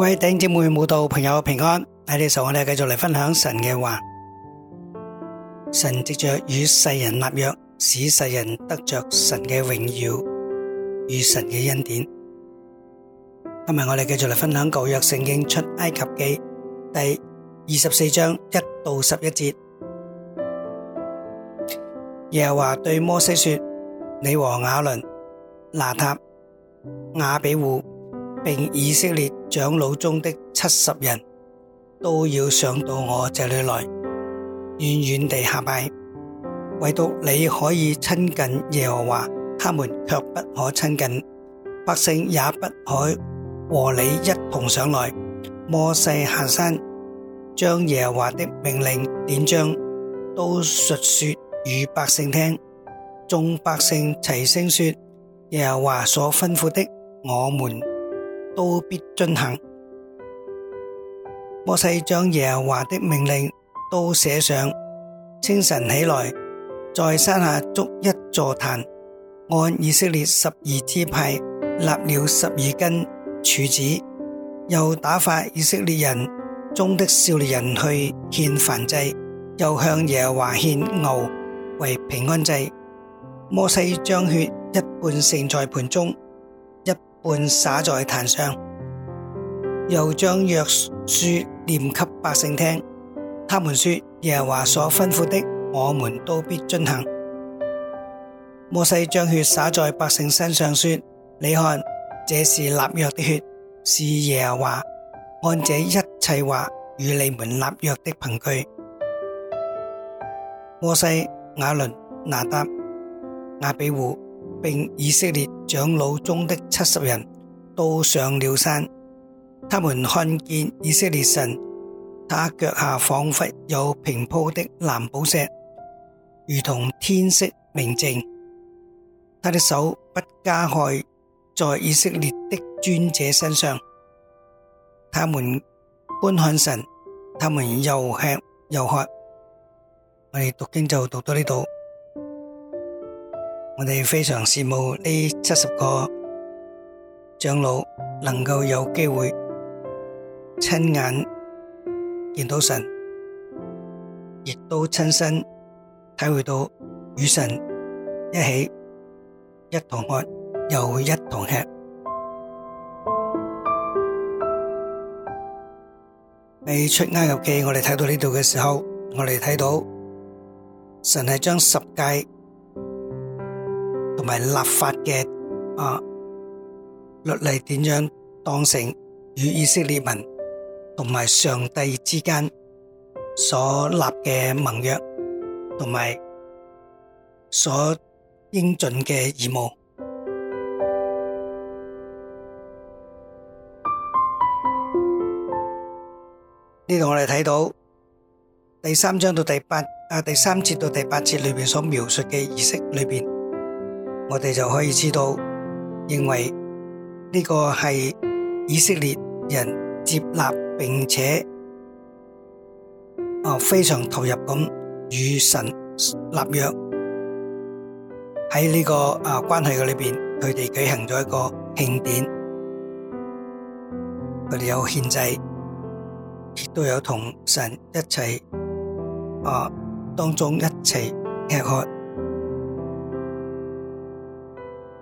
各位頂姊妹、舞蹈朋友平安，喺呢度我哋繼續嚟分享神嘅話。神藉着與世人立約，使世人得着神嘅榮耀與神嘅恩典。今日我哋繼續嚟分享舊約聖經出埃及記第二十四章一到十一節。耶華對摩西說：你和亞倫、拿塔、雅比戶。並以色列長老中的七十人都要上到我這裏來，遠遠地下拜。唯獨你可以親近耶和華，他們却不可親近。百姓也不可和你一同上來。摩西下山，將耶和華的命令典章都述說與百姓聽。眾百姓齊聲說：耶和華所吩咐的，我們。都必遵行。摩西將耶和華的命令都寫上，清晨起來，在山下築一座壇，按以色列十二支派立了十二根柱子，又打發以色列人中的少年人去獻燔祭，又向耶和華獻牛為平安祭。摩西將血一半盛在盤中。半灑在壇上，又將約書念給百姓聽。他們說：耶和華所吩咐的，我們都必遵行。摩西將血灑在百姓身上，說：你看，這是立約的血，是耶和華按這一切話與你們立約的憑據。摩西、亞倫、拿答、亞比戶。並以色列長老中的七十人都上了山，他們看見以色列神，他腳下仿佛有平鋪的藍寶石，如同天色明淨。他的手不加害在以色列的尊者身上。他們觀看神，他們又吃又喝。我哋讀經就讀到呢度。我哋非常羨慕呢七十個長老能夠有機會親眼見到神，亦都親身體會到與神一起一同喝又一同吃。喺出埃及記，我哋睇到呢度嘅時候，我哋睇到神係將十誡同埋立法嘅，啊律例點樣當成與以色列民同埋上帝之間所立嘅盟約，同埋所應盡嘅義務。呢度我哋睇到第三章到第八啊第三節到第八節裏邊所描述嘅儀式裏邊。我哋就可以知道，認為呢個係以色列人接納並且啊非常投入咁與神立約喺呢個啊關係裏邊，佢哋舉行咗一個慶典，佢哋有獻祭，亦都有同神一齊啊當中一齊吃喝。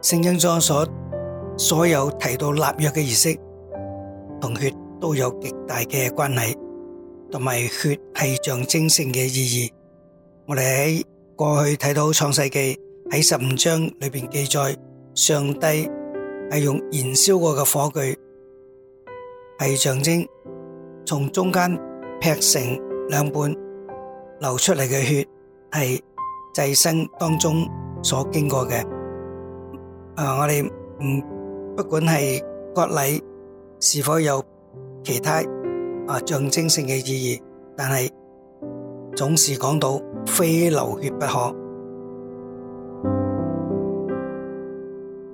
聖經中所所有提到立約嘅儀式，同血都有極大嘅關係，同埋血係象徵性嘅意義。我哋喺過去睇到創世記喺十五章裏面記載，上帝係用燃燒過嘅火炬，係象徵從中間劈成兩半流出嚟嘅血，係祭牲當中所經過嘅。誒，我哋唔不管係國禮是否有其他啊象徵性嘅意義，但係總是講到非流血不可。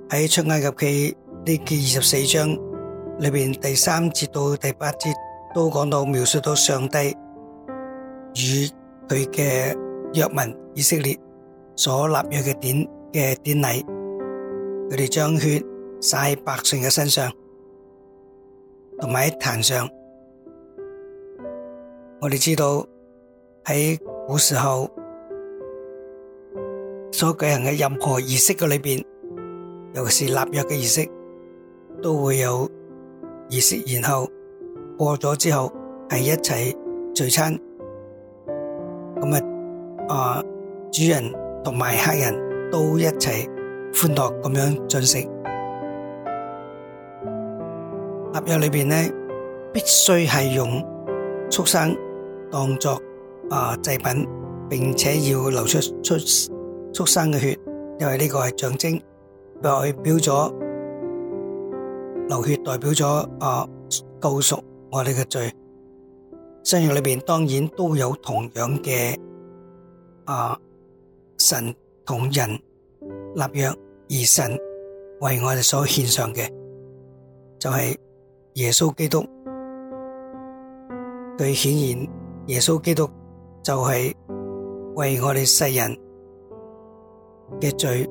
喺出埃及記呢嘅二十四章裏邊，第三節到第八節都講到描述到上帝與佢嘅約民以色列所立約嘅典嘅典禮。佢哋將血灑喺百姓嘅身上，同埋喺壇上。我哋知道喺古時候所舉行嘅任何儀式嘅裏邊，尤其是立約嘅儀式，都會有儀式。然後過咗之後，係一齊聚餐。咁啊，啊主人同埋客人都一齊。歡樂咁樣進食，立約裏邊咧，必須係用畜生當作啊祭品，並且要流出出畜生嘅血，因為呢個係象徵，代表咗流血代表咗啊救贖我哋嘅罪。新約裏邊當然都有同樣嘅啊神同人立約。而神為我哋所獻上嘅，就係耶穌基督。最顯然，耶穌基督就係為我哋世人嘅罪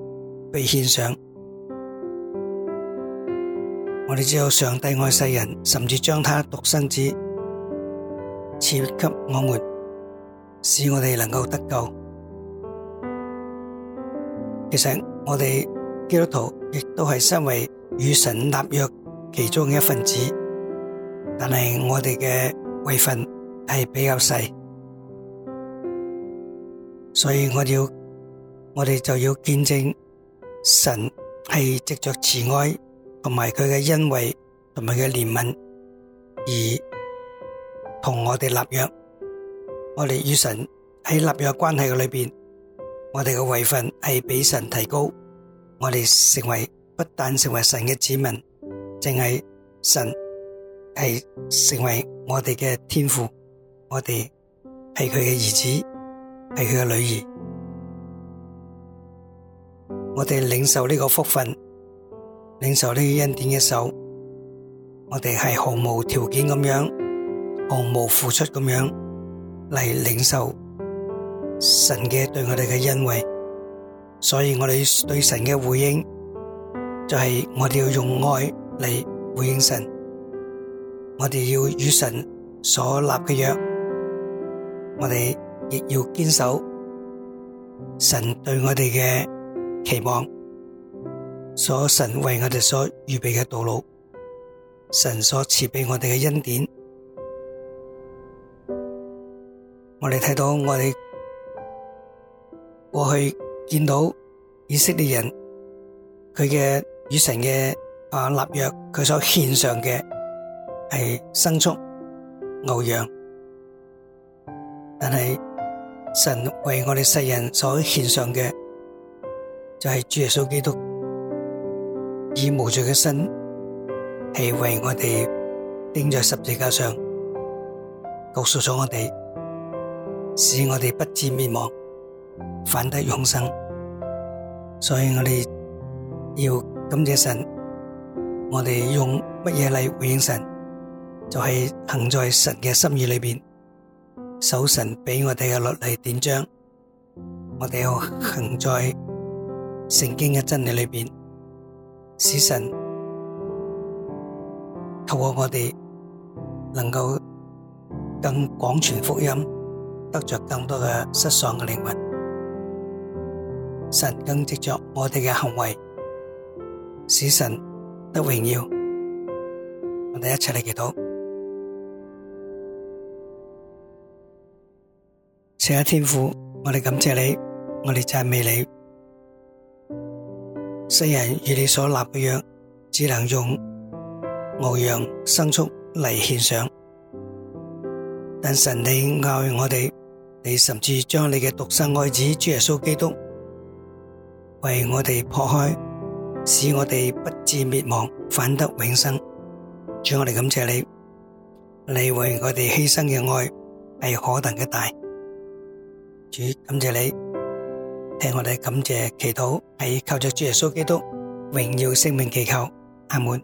被獻上。我哋知道上帝愛世人，甚至將他獨生子賜給我們，使我哋能夠得救。其實我哋。基督徒亦都係身為與神立約其中嘅一份子，但係我哋嘅位份係比較細，所以我要我哋就要見證神係藉着慈愛同埋佢嘅恩惠同埋佢嘅憐憫而同我哋立約，我哋與神喺立約關係嘅裏邊，我哋嘅位份係俾神提高。我哋成為不但成為神嘅子民，淨係神係成為我哋嘅天父，我哋係佢嘅兒子，係佢嘅女兒。我哋領受呢個福分，領受呢個恩典嘅手，我哋係毫無條件咁樣，毫無付出咁樣嚟領受神嘅對我哋嘅恩惠。所以我哋對神嘅回應，就係我哋要用愛嚟回應神。我哋要與神所立嘅約，我哋亦要堅守神對我哋嘅期望，所以神為我哋所預備嘅道路，神所賜俾我哋嘅恩典。我哋睇到我哋過去。見到以色列人佢嘅與神嘅啊立約，佢所獻上嘅係牲畜、牛羊，但係神為我哋世人所獻上嘅就係、是、主耶穌基督以無罪嘅身係為我哋釘在十字架上，告訴咗我哋，使我哋不至滅亡。反得永生，所以我哋要感謝神。我哋用乜嘢嚟回應神？就係行在神嘅心意裏邊，守神俾我哋嘅律例典章。我哋要行在聖經嘅真理裏邊，使神透過我哋能夠更廣傳福音，得着更多嘅失喪嘅靈魂。神更執着我哋嘅行為，使神得榮耀。我哋一齊嚟祈禱，賜下天父，我哋感謝你，我哋讚美你。世人如你所立嘅約，只能用牛羊牲畜嚟獻上，但神你愛我哋，你甚至將你嘅獨生愛子主耶穌基督。為我哋破開，使我哋不至滅亡，反得永生。主，我哋感謝你，你為我哋犧牲嘅愛係何等嘅大。主，感謝你，聽我哋感謝祈禱，係靠着主耶穌基督，榮耀聖名祈求。阿門。